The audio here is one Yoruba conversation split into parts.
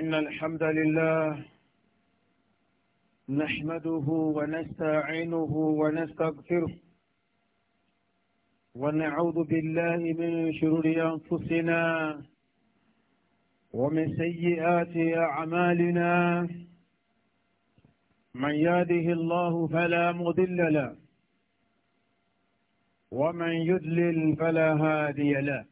إن الحمد لله نحمده ونستعينه ونستغفره ونعوذ بالله من شرور أنفسنا ومن سيئات أعمالنا من يهده الله فلا مضل له ومن يدلل فلا هادي له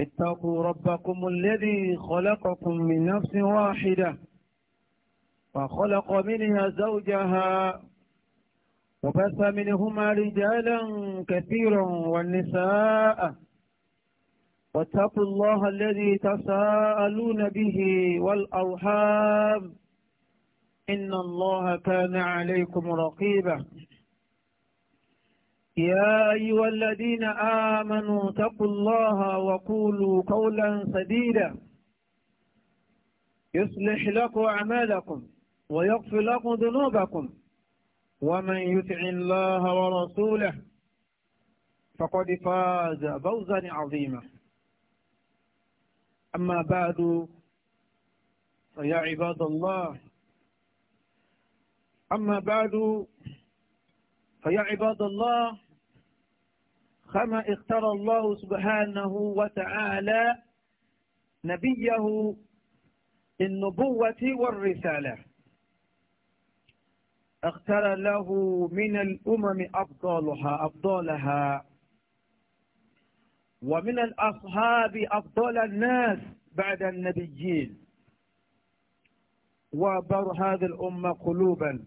اتقوا ربكم الذي خلقكم من نفس واحدة وخلق منها زوجها وبث منهما رجالا كثيرا والنساء واتقوا الله الذي تساءلون به والأرحام إن الله كان عليكم رقيبا يا أيها الذين آمنوا اتقوا الله وقولوا قولا سديدا يصلح لكم أعمالكم ويغفر لكم ذنوبكم ومن يطع الله ورسوله فقد فاز فوزا عظيما أما بعد فيا عباد الله أما بعد فيا عباد الله كما اختار الله سبحانه وتعالى نبيه النبوة والرسالة اختار له من الأمم أفضلها أفضلها ومن الأصحاب أفضل الناس بعد النبيين وبر هذه الأمة قلوباً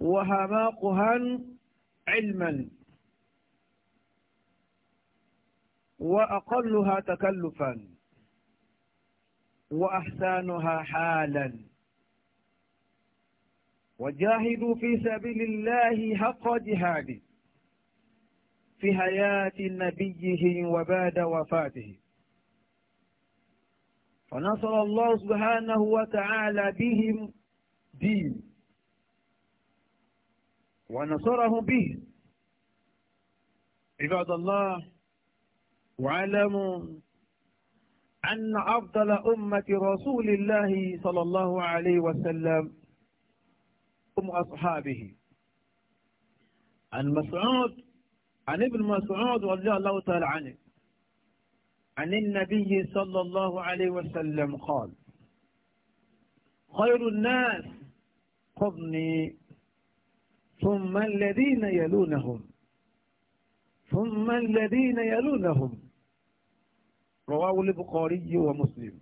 وهماقها علما وأقلها تكلفا وأحسانها حالا وجاهدوا في سبيل الله حق جهاده في حياة نبيه وبعد وفاته فنصر الله سبحانه وتعالى بهم دين ونصره به عباد الله واعلموا أن أفضل أمة رسول الله صلى الله عليه وسلم أم أصحابه عن مسعود عن ابن مسعود رضي الله تعالى عنه عن النبي صلى الله عليه وسلم قال خير الناس قرني ثم الذين يلونهم ثم الذين يلونهم رواه البخاري ومسلم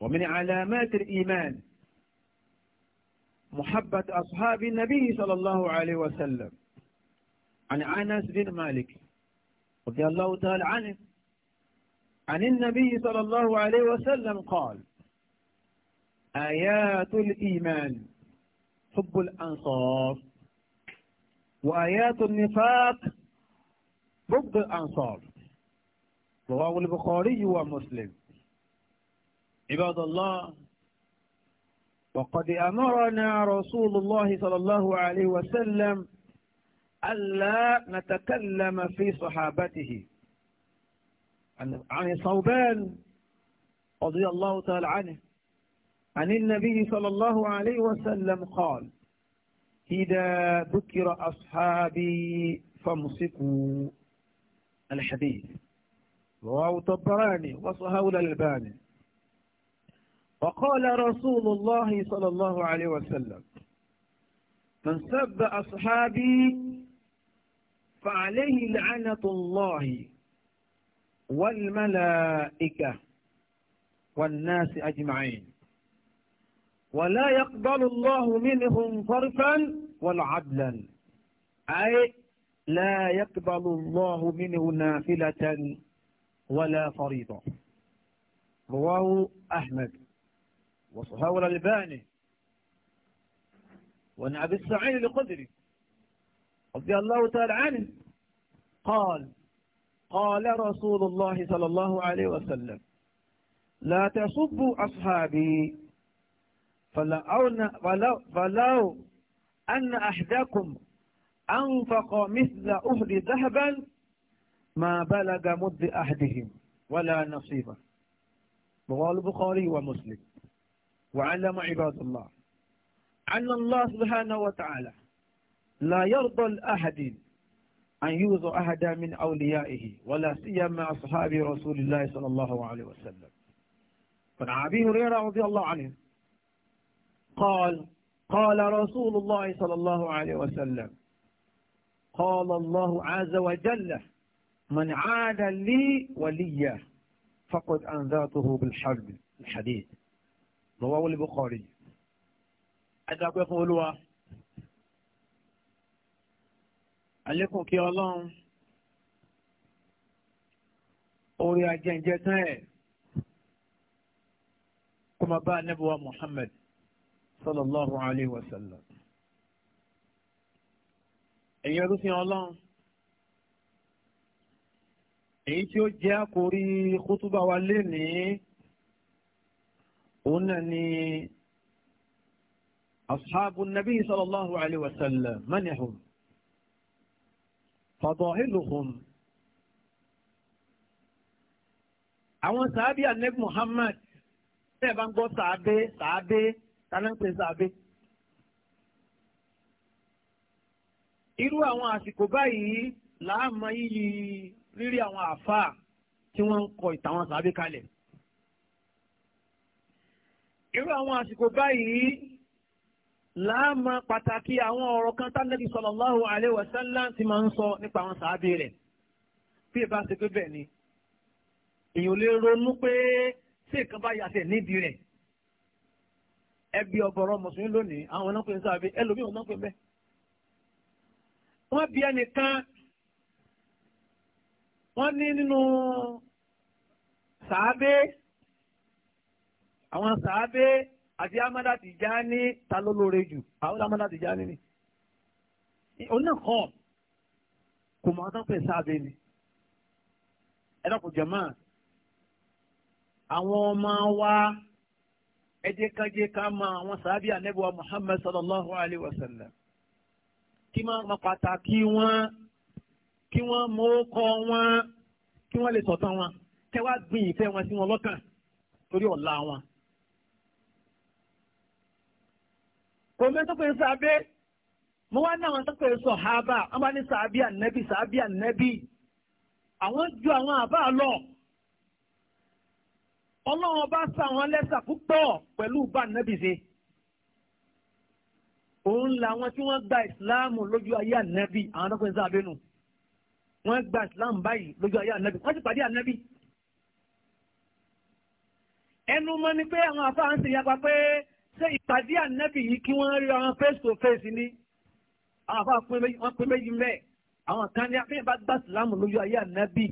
ومن علامات الإيمان محبة أصحاب النبي صلى الله عليه وسلم عن أنس بن مالك رضي الله تعالى عنه عن النبي صلى الله عليه وسلم قال آيات الإيمان حب الأنصار وآيات النفاق ضد الأنصار رواه البخاري ومسلم عباد الله وقد أمرنا رسول الله صلى الله عليه وسلم ألا نتكلم في صحابته عن صوبان رضي الله تعالى عنه عن النبي صلى الله عليه وسلم قال إذا ذكر أصحابي فامسكوا الحديث رواه الطبراني وصهول الألباني وقال رسول الله صلى الله عليه وسلم من سب أصحابي فعليه لعنة الله والملائكة والناس أجمعين ولا يقبل الله منهم صرفا ولا عدلا أي لا يقبل الله منه نافلة ولا فريضة رواه أحمد وصهاور الباني وعن أبي السعيد الخدري رضي الله تعالى عنه قال قال رسول الله صلى الله عليه وسلم لا تسبوا أصحابي فلو, فلو أن أحدكم أنفق مثل أهل ذهبا ما بلغ مد أحدهم ولا نصيبا رواه البخاري ومسلم وعلم عباد الله أن الله سبحانه وتعالى لا يرضى لأحد أن يوضع أحدا من أوليائه ولا سيما أصحاب رسول الله صلى الله عليه وسلم فعن أبي هريرة رضي الله عنه قال قال رسول الله صلى الله عليه وسلم قال الله عز وجل من عاد لي وليا فقد أنذرته بالحرب الحديث رواه البخاري أدعوك يقولوا عليكم كي الله أوري أجنجتها كما بقى نبوة محمد صلى الله عليه وسلم. ẹ̀yin ọdún fi hàn ọlọ́run èyí tí ó jẹ́ àkórí kútúbà wa lénìí òun náà ni ashabu nabi sallallahu alayhi wa sallam manihum fadahiluhum àwọn sàábì anabi muhammad ṣe bá ń gbọ́ sàábé sàábé tani ń pè sàbẹ. irú àwọn àsìkò báyìí làámọ yíyí rírí àwọn àáfàá tí wọ́n ń kọ ìtàwọn sàbẹ kalẹ̀. irú àwọn àsìkò báyìí láàmà pàtàkì àwọn ọ̀rọ̀ kan tánàbí sallallahu alaihi wa sallam ti máa ń sọ nípa àwọn sàábì rẹ̀ bí ẹ bá ṣe pé bẹ́ẹ̀ ni èèyàn lè ronú pé ṣé nǹkan bá yàtẹ̀ nídìí rẹ̀ ẹbí ọ̀gọ̀rọ̀ mùsùlùmí lónìí àwọn ọ̀nà pé ń sáfẹ́ ẹlòmíì ọ̀nà pé ń bẹ́. wọ́n bí ẹnìkan wọ́n ní nínú sàábé àwọn sàábé àti amada Tijani ta ló lóore jù àwọn amada Tijani ni. oní kọ́ kò mọ̀ ọ́n pé sàábé ni ẹ̀dọ́kùn jẹ̀mọ́ àwọn ọmọ wa ẹ jẹ́ ká jẹ́ ká mọ àwọn sàábì ànẹ́bùwà Muhammad sallallahu alayhi wa sallam kí wọ́n mọ pàtàkì wọn kí wọ́n mọ kọ́ wọn kí wọ́n lè sọ̀tàn wọn kẹ́ wá gbìn ìfẹ́ wọn sí wọn lọ́kàn torí ọ̀la wọn. kò mẹ́tọ́ pé sábẹ́ mo wá ní àwọn tó pé sọ̀hábà wọ́n bá ní sàábì ànẹ́bì sàábì ànẹ́bì àwọn ju àwọn àbá lọ ọlọ́run bá sa àwọn lẹ́sà púpọ̀ pẹ̀lú bá ànábì ṣe òun làwọn tí wọ́n gba ìsìláàmù lójú ayé ànábì àwọn tó ń sá abẹ́nu wọ́n gba ìsìláàmù báyìí lójú ayé ànábì wọ́n sì pàdé ànábì ẹnu mọ́ ni pé àwọn afáà ń ṣe pé ṣé ìpàdé ànábì yìí kí wọ́n rí àwọn face to face ni àwọn afáà pé méjì mẹ́ẹ̀ àwọn kan ní abẹ́yẹn gba ìsìláàmù lójú ayé ànábì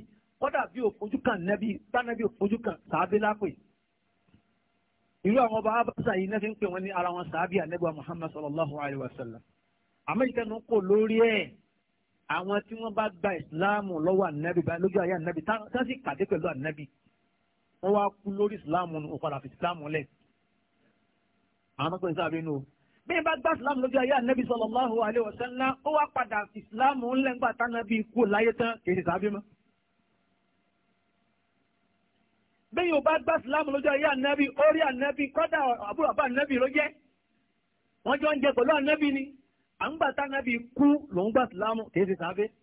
kódà bí òfojú kan nẹ́bí tánẹ́bí òfojú kan sàábé lápè irú àwọn ọba abasa yìí nẹ́fí ń pè wọ́n ní ara wọn sàábì ànẹ́bí wa Muhammad sallallahu alayhi wa sallam amẹ́yìkẹ́nu kò lórí ẹ̀ àwọn tí wọ́n bá gba ìsìláàmù lọ́wọ́ ànẹ́bí báyìí lójú ayé ànẹ́bí táwọn sì pàdé pẹ̀lú ànẹ́bí wọ́n wá kú lórí ìsìláàmù ní òpadà fi ìsìláàmù lẹ̀ àwọn tó ń pè sáàbì nù bí n bá gba islam lójú ayé anabi sallallahu alayhi wa sallam ó wá padà islam ńlẹ́ngbà tánàbí kú láyé tán kì í ṣe sábẹ́ mọ́. bẹ́yìn ọba gbá sílámù lójú ayé ànábì orí ànábì kọ́dà àbúrò àbá ló jẹ́ wọ́n jọ ń jẹ pẹ̀lú ni àǹgbà tá ànábì kú lòún gbà sílámù kìí ṣe sáfẹ́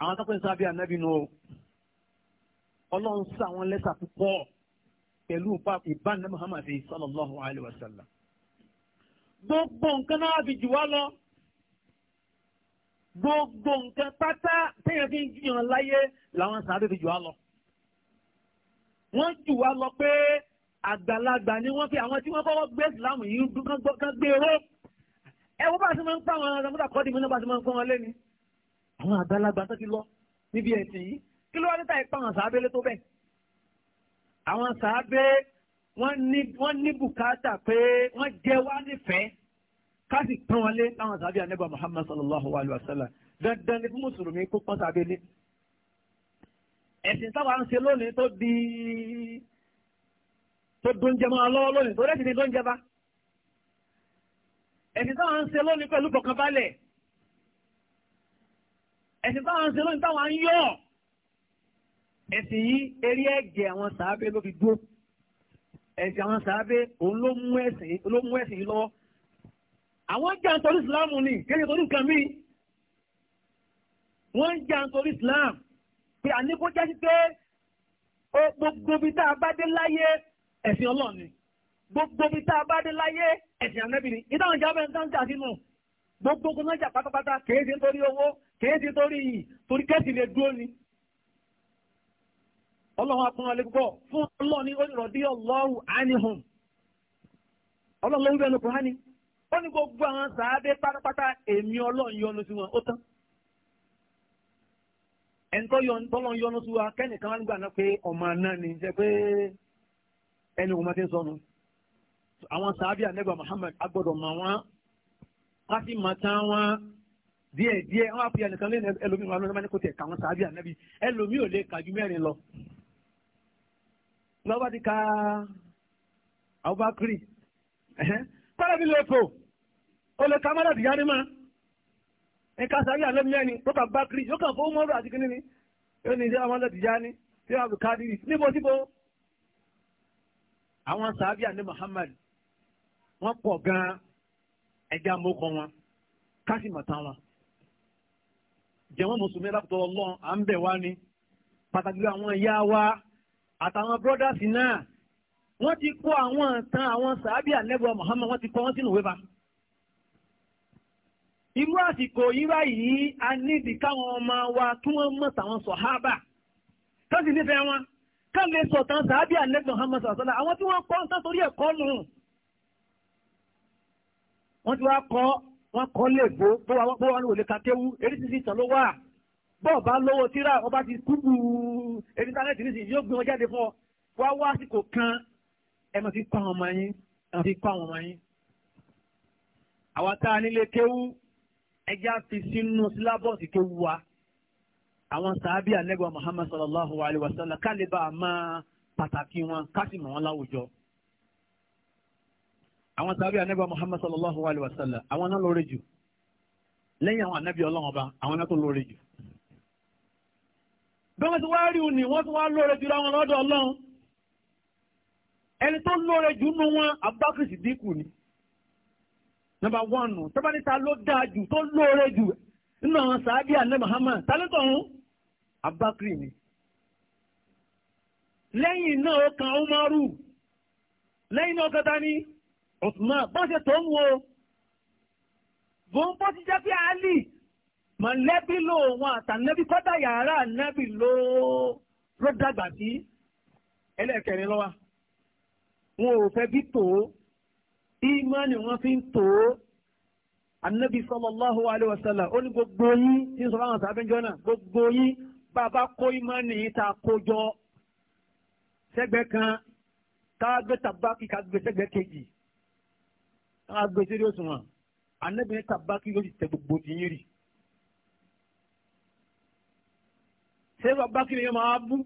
àwọn akẹ́kọ̀ọ́ sábẹ́ ànábì nù o ọlọ́run sá àwọn lẹ́sà púpọ̀ pẹ̀lú ìbáná muhammadu sallallahu alayhi wa sallam gbogbo nǹkan náà fi lọ gbogbo nǹkan pátá téèyàn fi ń jiyàn láyé làwọn lọ. wọ́n jù wá lọ pé àgbàlagbà ni wọ́n fi àwọn tí wọ́n kọ́kọ́ gbé ìsìlámù yìí kán gbé owó ẹ wọ́n bá ti máa ń pa àwọn ọ̀dọ́mọ́tà kọ́ dìbò náà bá ti máa ń pọ́n wọn lé ni àwọn àgbàlagbà tó ti lọ níbi ẹ̀sìn yìí kí ló wá níta ìpa àwọn sàábé lé tó bẹ́ẹ̀ àwọn sàábé wọ́n ní bùkátà pé wọ́n jẹ́ wá nífẹ̀ẹ́ ká sì pọ́n wọn lé láwọn sàábé anábà Muhammad sallallahu alayhi wa sallam dandan ni fún mùsùlùmí kó pọ́n sàábé lé ẹ̀sìn sábà ń ṣe lónìí tó di tó dóúnjẹ máa lọ́wọ́ lónìí tó rẹ́sì ní dóúnjẹ bá ẹ̀sìn sábà ń ṣe lónìí pẹ̀lú kọ̀kanbalẹ̀ ẹ̀sìn sábà ń ṣe lónìí táwọn ń yọ̀ ẹ̀sìn yìí eré ẹ̀jẹ̀ àwọn sàábé ló fi dúró ẹ̀sìn àwọn sàábé òun ló mú ẹ̀sìn yìí lọ́wọ́ àwọn jà ń torí ni kéde torí nǹkan míì wọ́n ń jà ń pé àníkó jẹ́ sí pé gbogbo ibi tá a bá dé láyé ẹ̀sìn ọlọ́run ni gbogbo ibi tá a bá dé láyé ẹ̀sìn ànábì ìdáhùn ìjà bẹ́ẹ̀ ń tán jà sínú gbogbo náà jà pátápátá kèé ṣe nítorí owó kèé ṣe nítorí iyì torí kẹ́sì lè ni. fún ní hání ó ní gbogbo àwọn sàádé pátápátá èmi ẹnitọ́ yọ tọ́lọ́ yọnu sí wa kẹ́nìkan wá nígbà náà pé ọmọ àná ni ṣe pé ẹni wọn ti ń àwọn sàábì ànẹ́gbà Muhammad wọn ká sì tán wọn díẹ̀ díẹ̀ wọn á pè ẹnìkan lé ẹlòmíì wọn lọ́nà kó tẹ̀ ká wọn ka Abubakar nǹkan sáré àlẹ́mìlẹ́ni tó kà bá kiri yóò kàn fún ọmọ ọ̀rọ̀ àti kìnìún ni ó ní ìdí àwọn ọlọ́dìjà ni tí wọ́n fi káàdì rí níbo síbo. àwọn sàábì àní Muhammad wọ́n pọ̀ gan-an ẹja mọ́kọ wọn káṣí mọ̀tá wọn. jẹ̀wọ́n mùsùlùmí lápútọ̀ ọlọ́run à ń bẹ̀ wá ni pàtàkì àwọn ìyá wa àtàwọn brọ́dásì náà wọ́n ti kó àwọn ìtàn àwọn sàábì àlẹ́bùwà Muhammad wọ́n ti kọ́ wọ́n sínú wẹ́bà irú àsìkò yìí báyìí a nídi káwọn ọmọ wa kí wọ́n mọ̀ tàwọn sọ̀hábà tó sì nífẹ̀ẹ́ wọn ká lè sọ̀tàn sàábì àlẹ́gbẹ̀ Muhammad sàlá àwọn tí wọ́n kọ́ nǹkan torí ẹ̀kọ́ nù wọ́n ti wá kọ́ wọ́n kọ́ lè bó bó wa ní òlé kakéwú eré títí ìtàn ló wà bọ́ọ̀ bá lówó tíra ọba ti kúbu íńtánẹ́ẹ̀tì nísìnyí yóò gbé wọn jáde fún ọ wá wá àsìkò kan ẹ mọ̀ fi kọ́ àwọn ọmọ yín àwọn tá a nílé kéwú ẹja fi sínú sílábọ̀sì tó wà àwọn sàábì àlẹ́gbà Muhammad sallallahu alayhi wa sallam a máa pàtàkì àwọn sàábì àlẹ́gbà Muhammad sallallahu alayhi wa sallam àwọn náà lóore jù lẹ́yìn àwọn ànábì ọlọ́run ọba àwọn náà tó lóore jù. bí wọ́n ti wá rí òní wọ́n ti wá lóore jù láwọn lọ́dọ̀ ọlọ́run ẹni tó jù wọn nọmba wánù tọ́bání ta ló dáa jù tó lóore jù nínú àwọn sàádì àlẹ́ Muhammad tálẹ́tọ̀ ọ̀hún Abubakar ni. lẹ́yìn náà ó kan Umaru lẹ́yìn náà ó kan tani Osman, bọ́sẹ̀ tó ń wo bóun bọ́sẹ̀ jẹ́ pé Ali mọ̀lẹ́bí lòun àtànẹ́bí kọ́tà yàrá ànẹ́bí ló ló dàgbà sí ẹlẹ́kẹ̀rin lọ́wọ́ wọn ò fẹ́ bí tòó ìmánì wọn fi ń tò ó anabi sallallahu alayhi wa sallam ó ní gbogbo yín tí ń sọ fáwọn sábẹ́jọ́ náà gbogbo yín bàbá kó ìmánì yìí tá a kó jọ sẹ́gbẹ́ kan tá a gbé tabaki ká gbé sẹ́gbẹ́ kejì tá a gbé sírí òṣùwọ̀n anabi ní tabaki yóò tẹ gbogbo tìyín rì. ṣé babakiri yẹn máa bú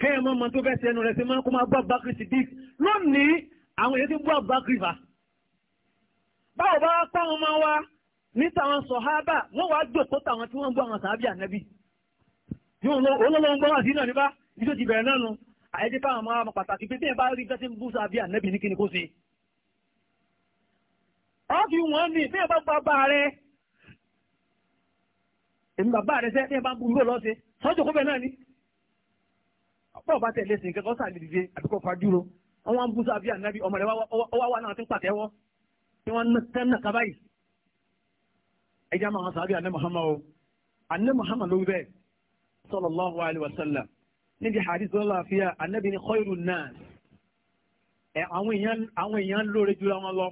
kéèyàn máa mọ tó sẹ́nu rẹ̀ sí kó máa bá bakiri sí dìk lónìí àwọn èyí tí bú Abubakar fa báwo bá pa àwọn ọmọ wa ní tàwọn sọ̀hábà wọ́n wá jòkó tàwọn tí wọ́n ń gbọ́ àwọn sàábì ànábì olóòlò ń gbọ́ wà sí náà nípa ibi tó ti bẹ̀rẹ̀ náà nu àyẹ́jẹ́ fáwọn ọmọ àwọn pàtàkì pé bí ẹ bá rí bẹ́ẹ̀ tí ń bú sàábì ànábì ní kíni kó ṣe. ọ́ fi wọ́n ní bí ẹ bá gba bá rẹ èmi bàbá rẹ sẹ́ wọ́n wá ń bú sábí ànábì ọmọ rẹ̀ wá wà náà ti ń pàtẹ́wọ́ tí wọ́n ń tẹ́nà ká báyìí. ẹja máa sábí àná Muhammad o àná Muhammad ló wí bẹ́ẹ̀ sallallahu alayhi wa sallam níbi hadith tó láàfíà ànábì ni khairun nas ẹ àwọn èèyàn àwọn èèyàn lóore ju àwọn lọ.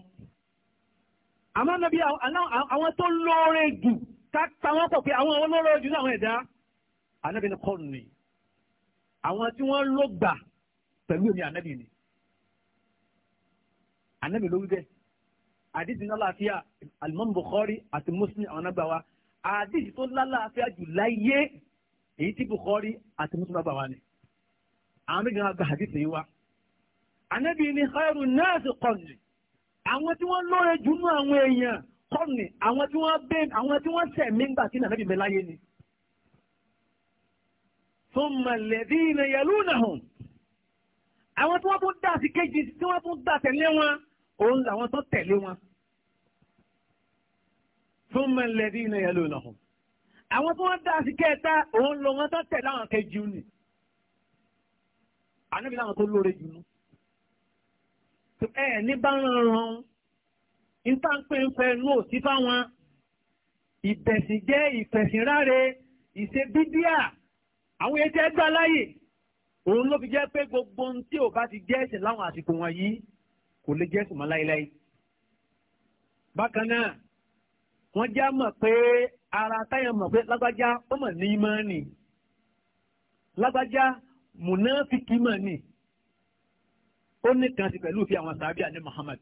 àmọ́ ànábì àwọn tó lóore jù ká ta pọ̀ pé àwọn olóore jù náà àwọn ẹ̀dá ànábì ni kọ́ọ̀nù ni àwọn tí wọ́n ló gbà pẹ̀lú èmi ànábì ni ànábì ló wí bẹ́ẹ̀ àdìsí náà láàfíà alimami bukhari àti muslim àwọn àgbà wa àdìsí tó lálàáfíà jù láyé èyí tí bukhari àti muslim àgbà wa ni àwọn méjì náà gba àdìsí yìí wa ànábì ni khairu nasi qarni àwọn tí wọ́n lóore jù nú àwọn èèyàn kọ́ọ̀nì àwọn tí wọ́n bẹ́ẹ̀ àwọn tí wọ́n sẹ̀mí ńgbà tí nàbẹ́bí bẹ láyé ni. Thumma alladhina yalunahum. Àwọn tí wọ́n tún dà sí kejì tí wọ́n tún dà tẹ̀lé wọn òun làwọn tó tẹ̀lé wọn fún mẹ́lẹ́dí iná yẹn ló lọ́hùn. àwọn tó wọ́n dá sí kẹta òun lọ wọn tó tẹ̀lé àwọn kẹjú ni ànábi làwọn tó lóore jù ú. ẹ ní bá ń ran nípa ń pè ń fẹ́ inú òsì fáwọn ìbẹ̀sìn jẹ́ ìfẹ̀sìnráre ìṣebídíà àwọn yẹn ti ẹ gbá òun ló fi jẹ́ pé gbogbo ohun tí ò bá ti jẹ́ ẹ̀sìn láwọn àsìkò wọ̀nyí kò lè jẹ́ sùnmọ́ láéláé. bákan náà wọ́n já mọ̀ pé ara táyà mọ̀ pé lágbájá ó mọ̀ ní mọ́ nì lágbájá mùnáfíkì mọ̀ nì ó ní kan sí pẹ̀lú fi àwọn sàbíà ní Muhammad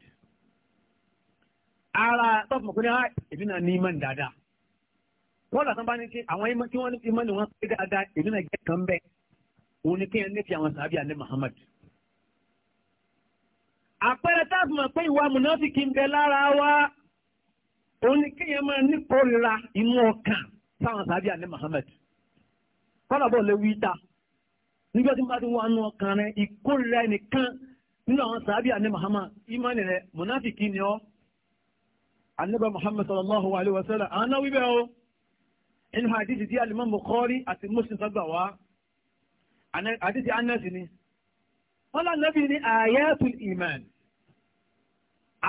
ara tọ́pù mọ̀ pé náà ah, èmi náà ní mọ́ ní dáadáa wọ́n lọ́sàn bá ní kí àwọn ìmọ̀ tí wọ́n ní ìmọ̀ ni wọ́n pé dáadáa èmi náà jẹ́ kan bẹ́ẹ̀ òun ni kéèyàn ní fi àwọn sàbíà ní Muhammad àpẹẹrẹ táàbù mọ̀ pé ìwà mùnáfíkì ń bẹ lára wa òun ni kéèyàn máa ní kórìíra inú ọkàn sáwọn sàbí àní Muhammad kọ́nà lè wí ta nígbà tí bá ti wà nù ọkàn rẹ ìkórìíra ẹnìkan nínú àwọn sàbí àní Muhammad ìmánì rẹ mùnáfíkì ni ọ́ àníbà Muhammad sallallahu alayhi wa sallam àwọn náà o inú hadithi tí alimọ́ Bukhari àti Muslim sọ́gbà wá hadithi Anas ni wọ́n lọ́nà bí ní ayatul iman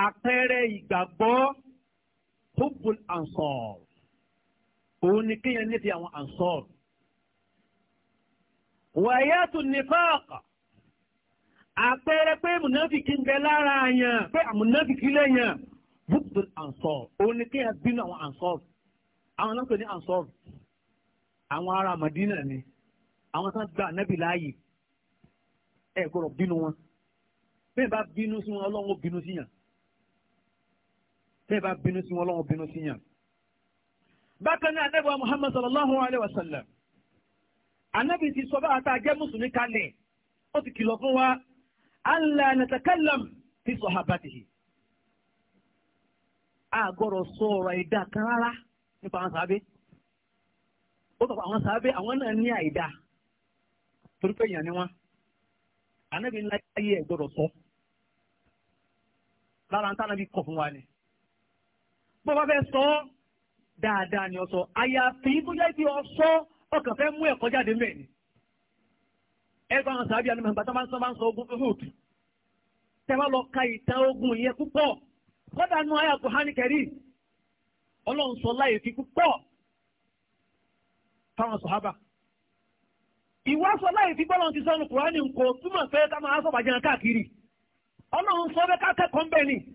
àpẹẹrẹ ìgbàgbọ́ hubbul ansor òun ni kéèyàn nífẹ̀ẹ́ àwọn ansor wàyàtò nífàkà àpẹẹrẹ pé mùnáfìkì ń bẹ lára yẹn pé mùnáfìkì lẹ́yìn hubbul ansor òun ni kéèyàn bínú àwọn ansor àwọn náà ní ansor àwọn ará Madina ni àwọn tán gba ànábì láàyè ẹ gbọ́dọ̀ bínú wọn bẹ́ẹ̀ bá bínú sí wọn Ọlọ́run ó bínú sí yàn tẹ́ ẹ bá bínú sí wọn lọ́wọ́ bínú sí wa muhammad sallallahu alayhi wa sallam anabi ti sọ báwa tá a jẹ́ mùsùlùmí kalẹ̀ ó ti kìlọ̀ fún wa allah natakallam fi a gbọ́dọ̀ sọ ọ̀rọ̀ ẹ̀dá kan rárá nípa àwọn sàábé ó tọ́ àwọn sàábé àwọn náà ní àìdá torí pé èèyàn ni wọ́n sọ bó bá fẹ́ sọ ọ́ dáadáa ni ọ sọ àyàfi tó jẹ́ ọ sọ ọkàn fẹ́ mú ẹ̀kọ́ jáde ni. ẹ bá wọn sàbí àlùmọ̀ àgbàtà máa ń sọ máa ń sọ ogun hood tẹ́ bá lọ ka ìtàn ogun yẹn púpọ̀ kọ́dà nù ayé àkùhání kẹrí ọlọ́run sọ láyé fi púpọ̀ fáwọn sọ láyé fi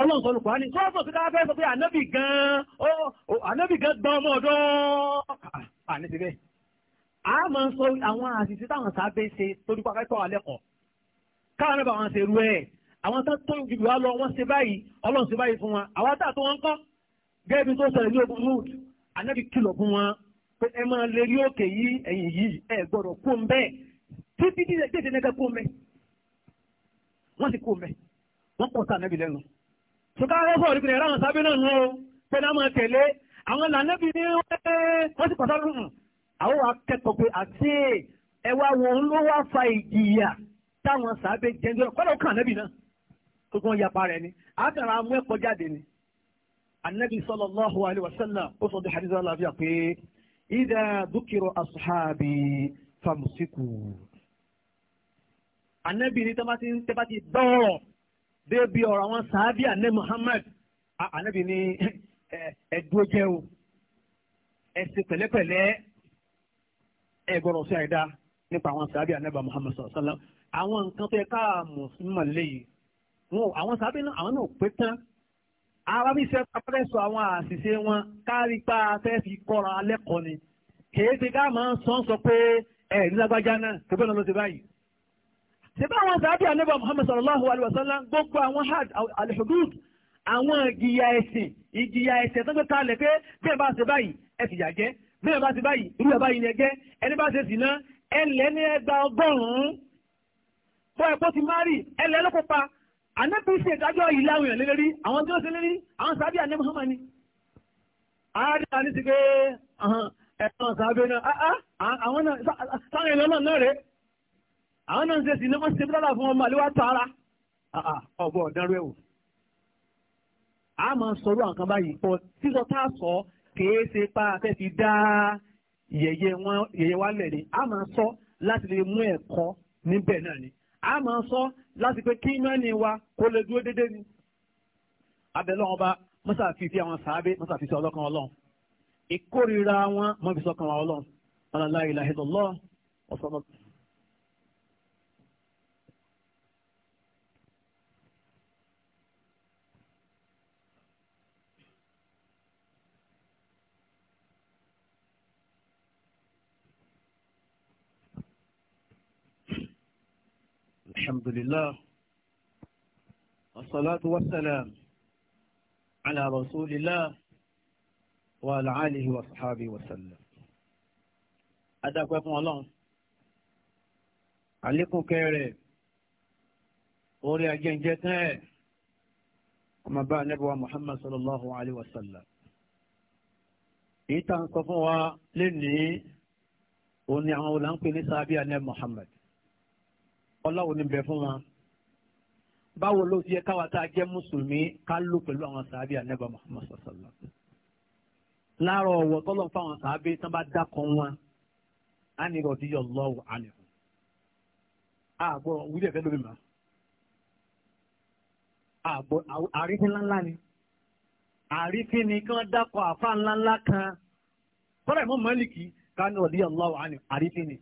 ọlọ́run sọ lùkọ́ ní sọ́ọ̀bù tó dáa sọ pé ànábì gan ànábì gan gbọ́n ọmọ ọ̀dọ́ àní ti a máa ń sọ àwọn àṣìṣe táwọn sábẹ́ ṣe torí pa akẹ́kọ̀ọ́ alẹ́ kọ̀ káwọn náà wọn ṣe rú ẹ̀ àwọn tó tó jù wá lọ wọ́n ṣe báyìí ọlọ́run ṣe báyìí fún wọn àwọn tá àtọ́ wọn kọ́ gẹ́gẹ́ tó sọ̀rọ̀ ní ogun wood ànábì kìlọ̀ fún wọn pé ẹ máa lè rí òkè yìí ẹ̀yìn yìí ẹ gbọ́dọ̀ kó ń bẹ́ẹ̀ títí dídẹ̀ dídẹ̀ nẹ́gẹ́ kó ń bẹ́ẹ̀ wọ́n ti kó ń bẹ́ẹ̀ wọ́n kọ́ sí ànábì lẹ́nu ṣùgbọ́n àwọn ọgbọ̀n orí kìnnìyàn ráhùn sábẹ́ náà nù ó pé náà máa tẹ̀lé àwọn lànàbí ní wọ́n sì pàṣẹ lùhùn àwọn wa kẹ́kọ̀ọ́ pé àti ẹwà wọn ló wá fa ìjìyà táwọn sábẹ́ jẹ́ńdọ́ kọ́lọ́ kàn nábì náà gbogbo ìyapa rẹ̀ ni débi ọ̀rọ̀ àwọn sàábì àná Muhammad ànábì ní ẹ̀dúró jẹ́ o ẹ̀sìn pẹ̀lẹ́pẹ̀lẹ́ ẹ̀gbọ́n ọ̀sẹ̀ àìdá nípa àwọn sàábì ànábà Muhammad sallallahu alaihi wasallam àwọn nǹkan tó yẹ ká mùsùlùmọ̀ lẹ́yìn wọn àwọn sàábì náà àwọn náà pé tán ara bí sẹ́ka fẹ́ sọ àwọn àṣìṣe wọn kárí pa fẹ́ fi kọ́ra lẹ́kọ̀ọ́ ni kèé ti ká máa ń sọ pé ẹ̀rí lágbájá náà tó bẹ́ẹ̀ náà ló ti báyìí ṣebí àwọn sàábì ànábì muhammad sallallahu alayhi wa sallam gbogbo àwọn had alhudud àwọn ìjìyà ẹ̀sìn ìjìyà ẹ̀sìn tó ń gbé kalẹ̀ pé bẹ́ẹ̀ bá ṣe báyìí ẹ fìyà jẹ bẹ́ẹ̀ bá ṣe báyìí irú ẹ̀ báyìí ni ẹ jẹ́ ẹni bá ṣe sìná ẹlẹ́ ní ẹgbà ọgọ́rùn-ún fún ẹ̀kọ́ ti márì ẹlẹ́ ló kópa ànábì ṣe ìdájọ́ yìí láwọn èèyàn lérí àwọn tí ó ṣe lérí àwọn sàábì ànábì muhammad ni. àádọ́ta ní ti pé ẹ̀sán sàábì náà àwọn náà sáwọn èèyàn náà náà rèé àwọn náà ń ṣe sí ní wọ́n ṣe bílálà fún ọmọ àlewà tààrà ọ̀bọ̀ ọ̀dánrú ẹ̀wò a máa sọ̀rọ̀ àwọn kan báyìí pọ̀ sísọ tá a sọ kìí ṣe pa afẹ́ fi dá yẹ̀yẹ̀ wa lẹ̀ ni a máa sọ láti lè mú ẹ̀kọ́ níbẹ̀ náà ni a máa sọ láti pé kí iná ni wa kó lè dúró déédéé ni abẹ́lẹ́ wọn bá mọ́sá fi fi àwọn sàábé mọ́sá fi sọ ọlọ́kan ọlọ́run ìkórìíra wọn mọ́ fi sọkàn wọn ọlọ́run ọlọ́run láyé ìlàhẹ́dọ̀lọ́ ọ̀sán ọlọ́run. الحمد لله والصلاة والسلام على رسول الله وعلى آله وصحبه وسلم أداكم الله عليكم كيري orí agẹ́njẹ́ tán ẹ̀ ọmọ bá nẹ́bíwá muhammad sallallahu alayhi wa sallam èyí tá à ń sọ fún wa lénìí òun ni àwọn olùhànpé ní sábíà ní muhammad ọlọ́wọ́ ní bẹ fún wọn báwo ló ti yẹ káwa tá a jẹ́ mùsùlùmí ká lò pẹ̀lú àwọn sàábì ànábà Muhammad sallallahu alaihi wasallam láàárọ̀ ọ̀wọ̀ tọ́lọ̀ fáwọn sàábì tán bá dákọ̀ wọn á ní ìrọ̀dí yọ lọ́wọ́ àlẹ́kùn àgbọ̀ wílẹ̀ fẹ́ lómi mọ́ àgbọ̀ àrífín ńláńlá ni àrífín ni kí wọ́n dákọ̀ àfa ńláńlá kan kọ́lá ìmọ̀ mọ́lìkì ká ní ìrọ̀dí yọ lọ́wọ́ àlẹ́kùn àrífín ni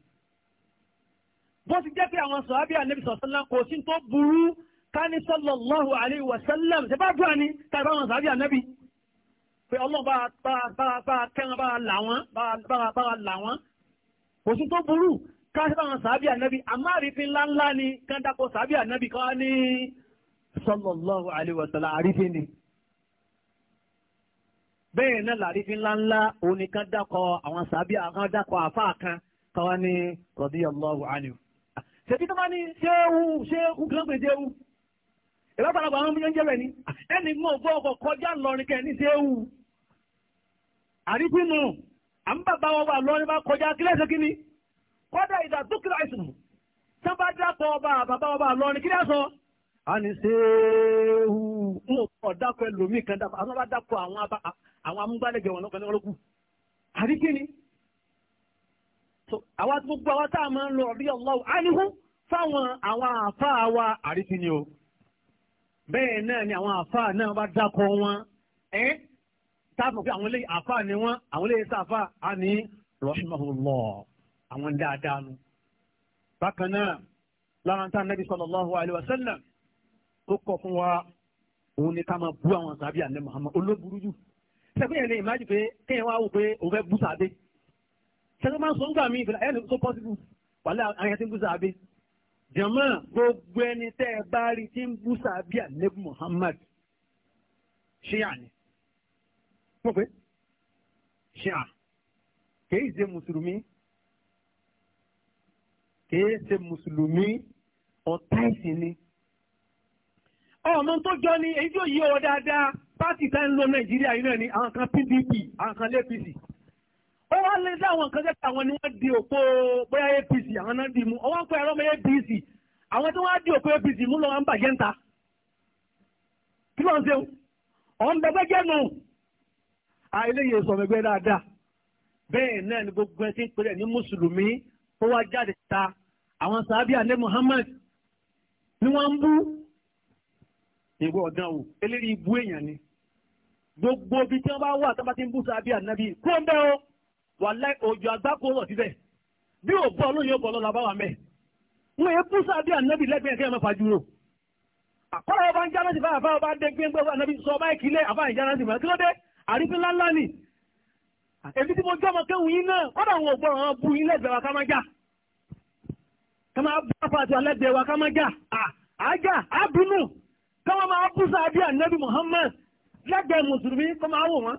bó ti jẹ́ pé àwọn sọ̀hábí ànábì sọ̀sánlá kò sí tó burú káni sallallahu alaihi wasallam ṣe bá dúrà ní tàbí àwọn sọ̀hábí ànábì pé ọlọ́run bá kẹ́ran bá là wọ́n kò sí tó burú káni àwọn sọ̀hábí ànábì àmáàrífin ńláńlá ni kán dápọ̀ sọ̀hábí ànábì kan ní sallallahu alaihi wasallam àrífin ni bẹ́ẹ̀ náà làrífin ńláńlá òun ni kán dákọ̀ àwọn sọ̀hábí àkàn dákọ̀ àfáà kan kan wá ní radiyallahu anhu ṣètí tó bá ní ṣéwú ṣéwú gánpé ṣéwú àwọn ọmọ yẹn ní ẹni mọ̀ ọgbọ́ ọkọ̀ kọjá lọrin kẹ ní ṣéwú àríkùnù à ń ọba lọrin bá kọjá kílẹ̀ kọ́dà tó tó bá ọba bàbá ọba lọrin sọ. a ní ń ẹlòmíì kan àwọn bá àwọn wọn àwa gbogbo àwa tá a máa ń lọ rí Allahu ánìhú fáwọn àwọn àfáà wa àrífi ni o bẹ́ẹ̀ náà ni àwọn àfáà náà bá dákọ̀ wọn ẹ́ táàpù pé àwọn ilé àfáà ni wọ́n àwọn ilé sáfà á ní rahimahullah àwọn dáadáa nu bákan náà lára nàbí sallallahu alayhi wa sallam tó kọ fún wa òun ni ká máa bú àwọn sàbí àná Muhammad olóburú jù sẹ́kúnyẹ̀ ní ìmájú pé kéèyàn wá wò pé òun fẹ́ bú sàbí ṣẹ́gbẹ́ máa ń sọ ń gbà mí ìbílẹ̀ ayé nìkan tó pọ́sibú wàhálà àwọn yẹn ti ń bú sàbí. jàmọ́ gbogbo ẹni tẹ́ ẹ bá rí ti ń bú sàbí àlẹ́bù Muhammad ṣíà ni. mo pé ṣíà kìí ṣe mùsùlùmí kìí ṣe mùsùlùmí ọ̀tá ìsìn ni. ọmọ tó jọ ni èyí tó yí ọ dáadáa pátì tá ń lọ Nàìjíríà yìí náà ni àwọn kan PDP àwọn kan lẹ́pìsì lè dá àwọn nǹkan jẹ́ta àwọn ni wọ́n di òpó bóyá APC àwọn náà di mú ọwọ́n pé ẹ̀rọ ọmọ APC àwọn tí wọ́n á di òpó APC mú lọ́wọ́ ń bàjẹ́ ńta kí ló ń ṣe ọ̀n bẹ́gbẹ́ jẹ́ nù à eléyìí sọ mẹgbẹ́ dáadáa bẹ́ẹ̀ náà ni gbogbo ẹ ti ń pèlè ní mùsùlùmí ó wá jáde ta àwọn sàábì alẹ́ Muhammad ni wọ́n ń bú ìwọ ọ̀dàn o eléyìí bú èèyàn ni gbogbo ibi tí wọ́n bá wà tó bá ti ń bú sàábì ànábì kó ń bẹ́ o wàláì òjò àgbákò rọ̀ síbẹ̀ bí o bọ́ ọlọ́run yóò bọ́ ọlọ́run àbáwá mẹ́ wọn èé kú sáà bí ànábì lẹ́gbẹ̀ẹ́ kẹ́yọ̀ mẹ́fà dúró àkọ́lá ọba ń jáná sí fáwọn afáwọn bá dé gbẹ́ngbẹ́ ọba ànábì sọ ọba ìkílẹ̀ àfáà ìjáná sí fáwọn kí ló dé àrífín ńláńlá ni èmi tí mo jẹ́ ọmọ kẹ́hùn yín náà kọ́dà àwọn ògbọ́n àwọn bu yín lẹ́gbẹ̀ẹ́ wa ká má já ká má bá pàtó alẹ́gbẹ̀ẹ́ wa ká má já àájà àbínú ká má má bú sáà bí Muhammad lẹ́gbẹ̀ẹ́ mùsùlùmí kọ́ máa wò wọ́n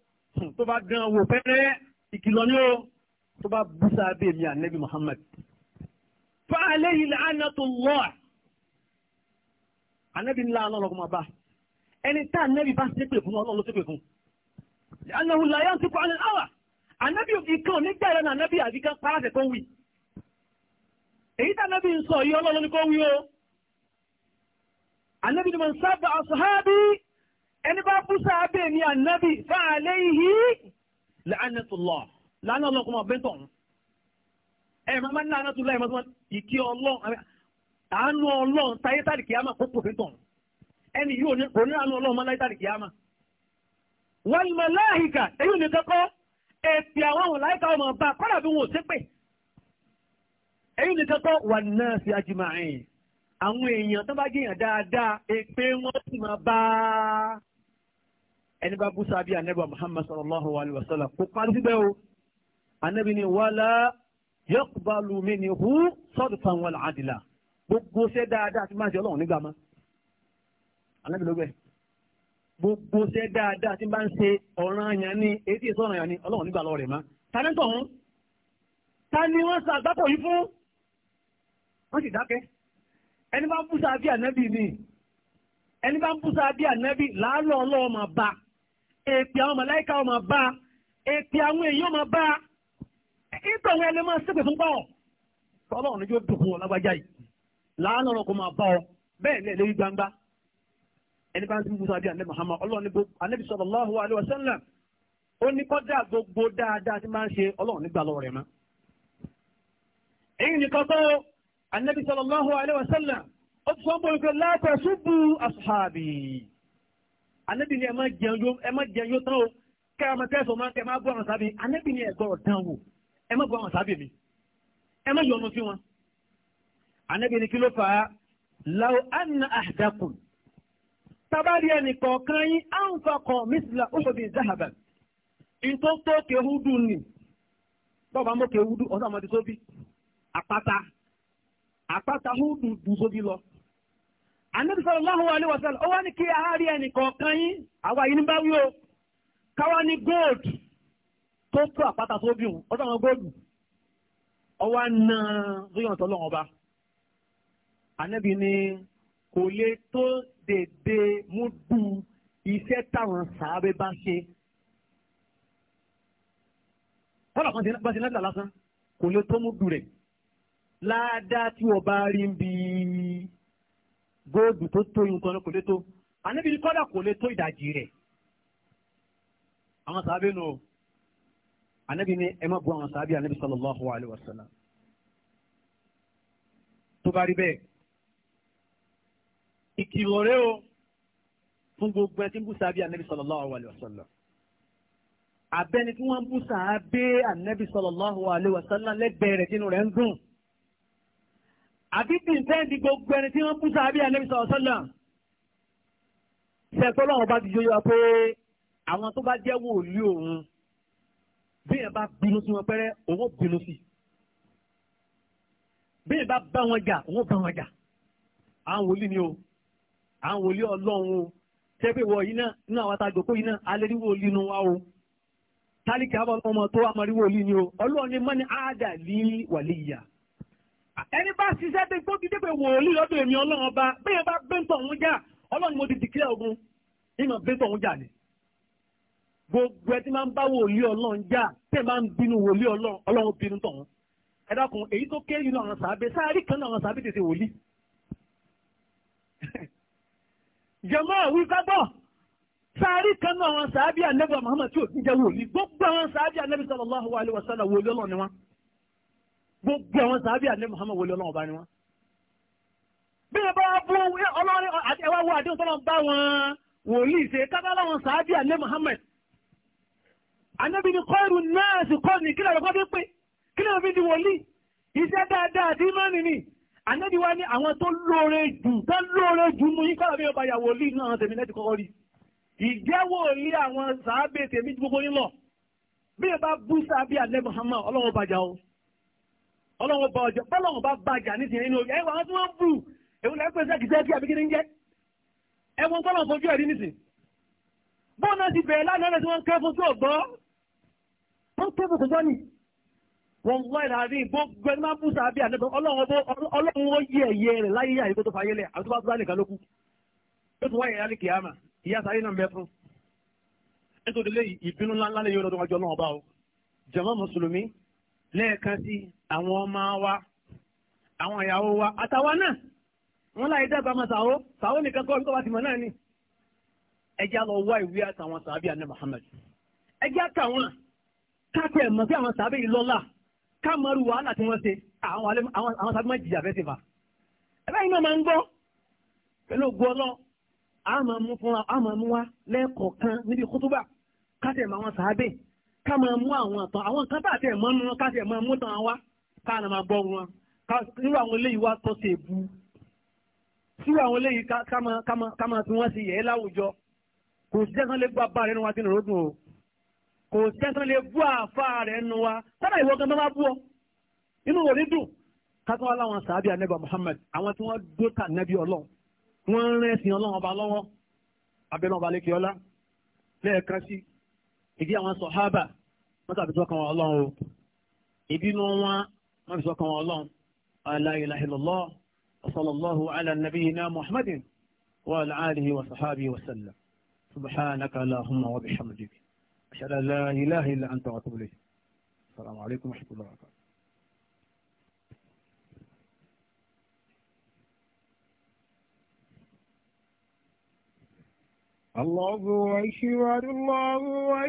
tó bá dán wò pẹ́rẹ́ ìkìlọ̀ ni ó tó bá bú sáábé mi ànẹ́bí Muhammad fa alayhi la'natullah ànẹ́bí ńlá ọlọ́run máa bá ẹni tá ànẹ́bí bá ṣépè fún ọlọ́run ló ṣépè fún la'annahu la yantiqu 'an al-hawa ànẹ́bí ìkan nígbà ìrẹ́nu ànẹ́bí àdìgán pàṣẹ tó wì èyí tá ànẹ́bí ń sọ yìí ọlọ́run ni kò wí o ànẹ́bí ni mo ń sábà ọ̀sán ẹni bá bú sáábẹ̀ ní ànábì fáàlẹ́ yìí lánàtúlọ̀ lánà ọlọ́kùnrin ọ̀bẹ tọ̀hún ẹ̀ máa máa ń lánà tó láì máa ìkí ọlọ́run àánú onye táyé tàbí kìámà kó pòfin tọ̀hún ẹni yóò ní kò ní àánú ọlọ́run máa láyé wọ́n èyí ò ní àwọn láyé ẹni bá bú sábíà nẹ́bà muhammad sallallahu alayhi wa sallam kò parí síbẹ̀ o anabi ni wàlá yọkùbalù mi ni hu sọ́dùfàn wàlá àdìlà gbogbo ṣe dáadáa ti máa ṣe ọlọ́run nígbà máa anabi ló gbẹ gbogbo ṣe dáadáa ti máa ń ṣe ọ̀ràn àyàn ni etí ìṣọ́ ọ̀ràn àyàn ni ọlọ́run nígbà lọ́ọ̀rẹ̀ má tani tọ̀hún tani wọ́n sa àgbákò yìí fún wọ́n sì dákẹ́ ẹni bá ń bú sáà bí ànábì ẹni bá ń bú sáà bí láàlọ́ ọlọ́ọ̀ máa bá a. èpè àwọn màláíkà ọmọ bá èpè àwọn èèyàn ọmọ bá ìtọ̀ wọn ẹlẹ́mọ̀ sípè fún báwọ̀ ọlọ́run ní yóò dùn fún ọ lágbájá yìí láàánú ọ̀rọ̀ máa bá ọ bẹ́ẹ̀ ní ẹlẹ́rí gbangba ẹni bá ń sìn musa bí anabi muhammad anabi ó ní kọ́dà gbogbo dáadáa ti máa ń ṣe ọlọ́run nígbà lọ́wọ́ rẹ̀ mọ́. èyí anabi ó ti Ànábì ni ẹ má jẹun yó tán o kẹ́ ẹ má tẹ́sán máa kẹ́ ẹ má bọ́ àwọn sábẹ́ Ànábì ni ẹ gbọ́dọ̀ dán wò ẹ má bọ́ àwọn sábẹ́ mi ẹ má yọnu sí wọn. Ànábì ni kí ló fà á law anna ahdakum tabari ẹnì kọ̀ọ̀kan yín anfaqa misla ushubin zahaban kehudu ni bọ́ọ̀bá mọ́ kehudu ọ̀sán àmọ́dé sóbì àpáta àpáta hudu dùn sóbì lọ. Ànábì sallallahu alaihi wasallam ó wá ní kí àárí ẹnì kọ̀ọ̀kan yín àwa yìí ní bá wí o káwá ní gold tó tó àpáta tó bí òun ọ̀dọ̀ àwọn góòlù ọwá na lóyún ọ̀tọ̀ lọ́wọ́ ọba Ànábì ni kò lè tó dèdè mú du iṣẹ́ táwọn sàábẹ́ bá ṣe kọ́lá kan ti bá ṣe náà lásán kò lè tó mú du rẹ̀ láadáa tí wọ́n bá rí bí góòdù tó tó yín kan kò lè tó ànábì ní kọ́dà kò lè tó ìdajì rẹ̀ àwọn sàábẹ̀ nù ànábì ní ẹ má bu àwọn sàábẹ̀ ànábì sallallahu alayhi wa sallam tó bá rí bẹ́ẹ̀ ìkìlọ̀ rẹ o fún gbogbo ẹ ń bú sàábẹ̀ ànábì sallallahu alayhi wa sallam abẹ́ni tí wọ́n ń bú sàábẹ̀ ànábì sallallahu alayhi wa sallam lẹ́gbẹ̀ẹ́ rẹ̀ tínú rẹ̀ ń dùn àbí tìǹtẹ́ǹtì gbogbo ẹni tí wọ́n kú sáà bí Ànábì sallallahu alaihi wasallam sẹ́ẹ̀tọ́ lọ́wọ́ bá ti yọ yọ pé àwọn tó bá jẹ́ wòlíì òun bí yẹn bá bínú sí wọn pẹ́rẹ́ òun ò bínú sí bí yẹn bá bá wọn jà òun ò bá wọn jà àwọn wòlíì ni o àwọn wòlíì ọlọ́run o sẹ́pẹ̀ wọ yìí náà nínú àwọn àtàjọ kó yìí náà alẹ́ ní wòlíì nu wa o tálíkì àbọ̀ ọmọ tó wà wòlíì ni o ọlọ́run ni mọ́ni áádà ẹni bá ṣiṣẹ́ dé tó dídé pé wòlíì lọ́dọ̀ èmi ọlọ́run ọba bẹ́ẹ̀ bá bẹ́ńtọ̀ òun jà ọlọ́run mo ti dìkílẹ̀ ogun ìmọ̀ bẹ́ńtọ̀ òun jà ni. gbogbo ẹ ti máa ń bá wòlíì ọlọ́run jà tẹ̀ máa ń bínú wòlíì ọlọ́run ọlọ́run bínú tọ̀hún. ẹ dákun èyí tó ké nínú àwọn sàábé sáárì kan náà àwọn sàábé tètè wòlíì. jẹ̀mọ́ àwí kábọ̀ sáárì kan náà àwọn sàábé ànẹ́bí gbogbo àwọn sàábì àlẹ́ Muhammad wọlé ọlọ́run ọba ni wọn. bí ẹ bá bú ọlọ́run ẹ wá wo àdéhùn tọ́lọ́ bá wọn wòlíì ṣe kábàá láwọn sàábì àlẹ́ Muhammad. ànábì ni kọ́ọ̀rù náà sì kọ́ ni kílẹ̀ rẹ̀ kọ́ fi pé kílẹ̀ fi di wòlíì iṣẹ́ dáadáa àti ìmánì ni ànábì wa ní àwọn tó lóore jù tó lóore jù mú yín kọ́ọ̀rù mi ò bá yà wòlíì náà tèmi lẹ́tì kọ́kọ́ rí ìjẹ́wò ní àwọn sàábì tèmi gbogbo yín lọ bí ẹ bá bú sàábì àlẹ́ Muhammad ọlọ́run bàjá o ọlọ́run bá ọjọ́ bọ́lọ́run bá bàjà ní ìsìn inú orí ẹwà wọn tí wọ́n bù èwù lẹ́pẹ́ sẹ́kì sẹ́kì àbí kíni ń jẹ́ ẹwọ́n bọ́lọ́run fojú ẹ̀rí nìsìn bọ́ọ̀ náà ti bẹ̀rẹ̀ lánàá tí wọ́n kẹ́ fún sí ọ̀gbọ́ wọ́n kẹ́ fún kọjọ́ ni wọ́n wá ìlàrí gbogbo ẹni máa ń bù sábì àdébọ̀ ọlọ́run ó yẹ ẹ̀yẹ rẹ̀ láyé yà ìkótó fàyẹ lẹ̀ àti wàá nìkan lẹ́ẹ̀kan sí àwọn ọmọ wa àwọn ìyàwó wa àtàwa náà wọ́n láyé dábàá máa sàwó sàwó nìkan kọ́ nípa tìmọ̀ náà ni ẹjẹ́ lọ wá ìwé àtàwọn sàbí àná Muhammad ẹjẹ́ àtàwọn káàkiri ẹ̀mọ́ sí àwọn sàbí ìlọ́lá káàmọ́rù wàhálà tí wọ́n ṣe àwọn sàbí máa jìyà fẹ́ sí fa ẹ̀fẹ́ yìí náà máa ń gbọ́ pẹ̀lú ògbó ọlọ́ àmọ́ mú wa lẹ́ẹ̀kọ̀ọ̀kan níbi kútúbà káàkiri ẹ̀mọ́ àwọn sàbí ká máa mú àwọn àtàn àwọn nǹkan tá àti ẹ̀mọ́ nu wọn ká sì ẹ̀mọ́ mú tàn wá ká àná máa bọ́ wọn irú àwọn eléyìí wá tọ́ sí èbú irú àwọn eléyìí ká máa fi wọ́n sí yẹ̀ẹ́ láwùjọ kò sí jẹ́sán lè gbọ́ abá rẹ̀ nu wa tí nìró dùn o kò sí jẹ́sán lè bú àfa rẹ̀ nu wa kọ́nà ìwọ gan tó bá bú ọ inú wò ní dùn ká tó wá láwọn sàábì anẹ́bà Muhammad àwọn tí wọ́n dó tà nẹ́bí ọlọ́run wọ́n rẹ́ sin ọlọ́run ọba lọ́wọ́ abẹ́nú ọba lẹ́kẹ́ ọlá lẹ́ẹ̀kan sí ìdí àwọn sọ̀hábà wọ́n tàbí sọ́kàn wọn ọlọ́run o ìbínú wọn wọ́n fi sọ́kàn wọn ọlọ́run la ọ̀sọ̀lọ́lọ́hu illallah sallallahu muhammadin wa sọ̀hábì wa sohabi wa sallam subhanaka allahumma wa bihamdika ashhadu an la ilaha illa anta atubu ilayk assalamu alaykum wa rahmatullahi wa barakatuh الله أشهد الله